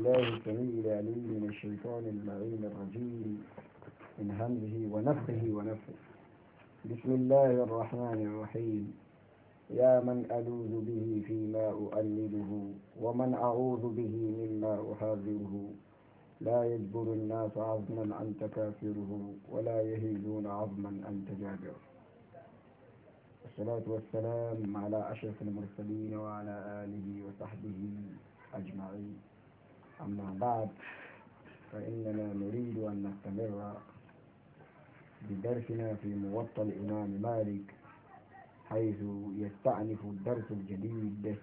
بالله الكريم العليم من الشيطان اللعين الرجيم من همزه ونفخه ونفخه بسم الله الرحمن الرحيم يا من ألوذ به فيما أؤلله ومن أعوذ به مما أحاذره لا يجبر الناس عظما أن تكافره ولا يهيدون عظما أن تجابره والصلاة والسلام على أشرف المرسلين وعلى آله وصحبه أجمعين أما بعد فإننا نريد أن نستمر بدرسنا في موطأ الإمام مالك حيث يستأنف الدرس الجديد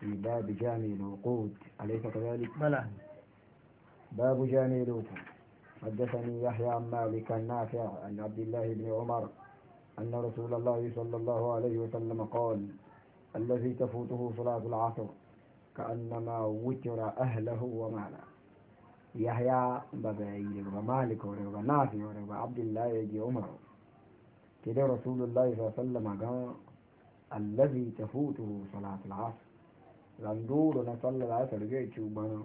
في باب جامع الوقود أليس كذلك؟ بلى باب جامع الوقود حدثني يحيى عن مالك النافع عن عبد الله بن عمر أن رسول الله صلى الله عليه وسلم قال الذي تفوته صلاة العصر كأنما وجر أهله وماله يحيى بابعيد نافع ونافع عبد الله يجي عمر كده رسول الله صلى الله عليه وسلم قال الذي تفوته صلاة العصر لندور نصلى العصر جاي تشوبنا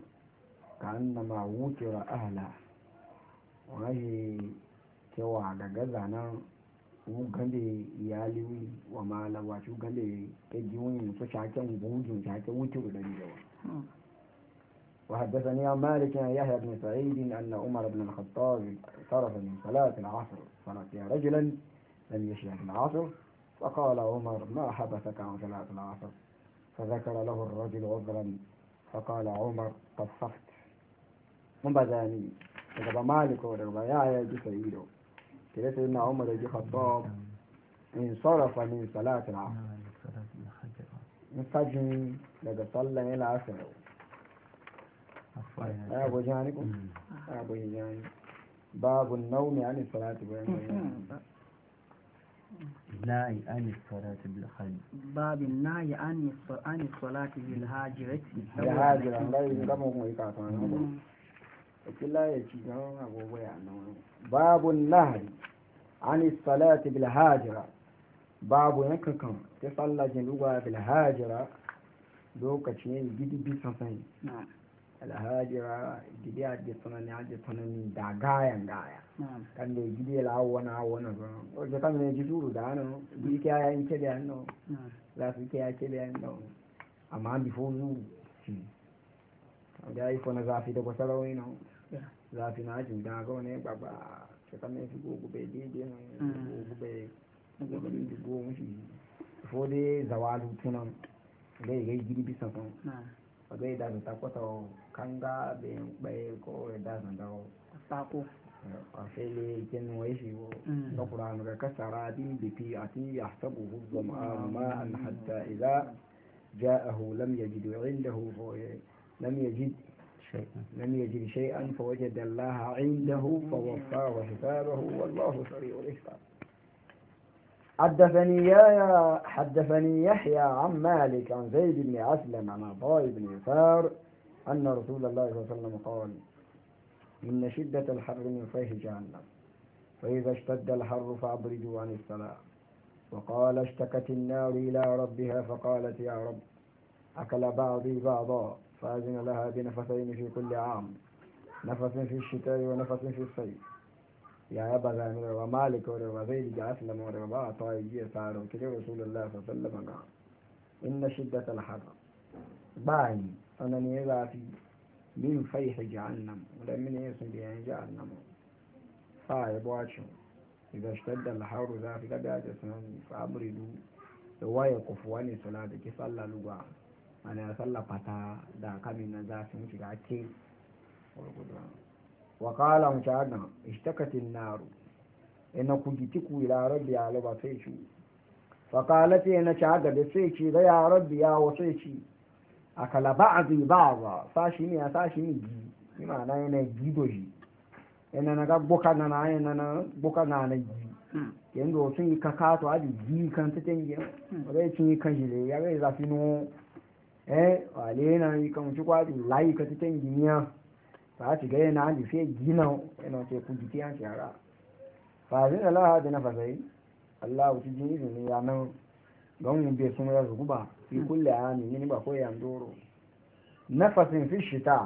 كأنما وجر أهله وهي cewa ga wugande iyali wa mala wa shugande eji wani su shaken gujin shake wuce da yawa وحدثني عن مالك عن يحيى بن سعيد أن عمر بن الخطاب اقترب من صلاة العصر فلقي رجلا لم يشيع في العصر فقال عمر ما حبسك عن صلاة العصر فذكر له الرجل عذرا فقال عمر قد صفت من بداني فقال مالك ورغب يا بن سعيد كده سيدنا عمر يجي خطاب انصرف من صلاة العصر نعم، الفجر لقد صلى العصر يا أبو جانب يا أبو جانب باب النوم عن الصلاة نهي عن الصلاة بالحج باب النهي عن عن الصلاة بالهاجرة بالهاجرة لا يلزمهم ويقاطعون الله يجيبهم أبو بيان باب النهي عن الصلاة بالهاجرة باب ينككم تصلى جنوبا بالهاجرة دوكا تشين جدي بي سنسان نعم الهاجرة جدي عدي سنن عدي سنن دا غايا غايا نعم كان دي جدي لا وانا وانا وجا كان من جدور دانو بي كيا ينكي دانو نعم لا في كيا كي دانو اما بيفوزو ga ifo na zafi da kwasarawa yana zafi na ajin da ga wani baba ta kama ya fi gogo bai daidai na gogo bai gogo bai gogo mushi fo de zawalu tunan gai gai gidi bisan kan gai da ta kwata kan ga bai bai ko da san da sako a fele kin wai shi wo da qur'an ga kasara din bi fi ati yahsabuhu dhama'an ma'an hatta idha ja'ahu lam yajid 'indahu lam yajid شيئا لم يجد شيئا فوجد الله عنده فوفاه حسابه والله سريع الحساب حدثني يا حدثني يحيى عن مالك عن زيد بن أسلم عن عطاء بن يسار أن رسول الله صلى الله عليه وسلم قال إن شدة الحر من فيه جهنم فإذا اشتد الحر فأبردوا عن الصلاة وقال اشتكت النار إلى ربها فقالت يا رب أكل بعضي بعضا فأذن لها بنفسين في كل عام نفس في الشتاء ونفس في الصيف يا أبا زامر ومالك وزيد أسلم ورباء طائجية صاروا كده رسول الله صلى الله عليه وسلم قال إن شدة الحر باين أنا نيزا في من فيح جهنم ولا من يسم بها جهنم صاحب واشو إذا اشتد الحر ذا في قبعة سنان فأبردوا ويقفواني كفواني صلاة كي صلى لغا mana sallafata da kamin na za su shiga ce wa kala mu shahadna ishtakatin naru ina ku giti ku ila rabbi ya laba sai ci fa kala ta na shahada da sai ci ga ya rabbi ya wa sai ci akala ba ba'dha sashi ne ya sashi ne gi ni ma na yana do shi ina na ga boka na na yana na boka na na gi yanzu sun yi kakato a ji kan ta tangi wadai hmm. sun yi kan shi da ya ga zafi no lena yi kan ci kwadi layi ka ti tan ginya fa ci ga yana di fe gina yana ce ku jiki an shara fa zai Allah da na fasai Allah ci jin izini ya nan don mun be sun ya ruguba fi kulli ami ni ba ko ya ndoro nafasin fi shita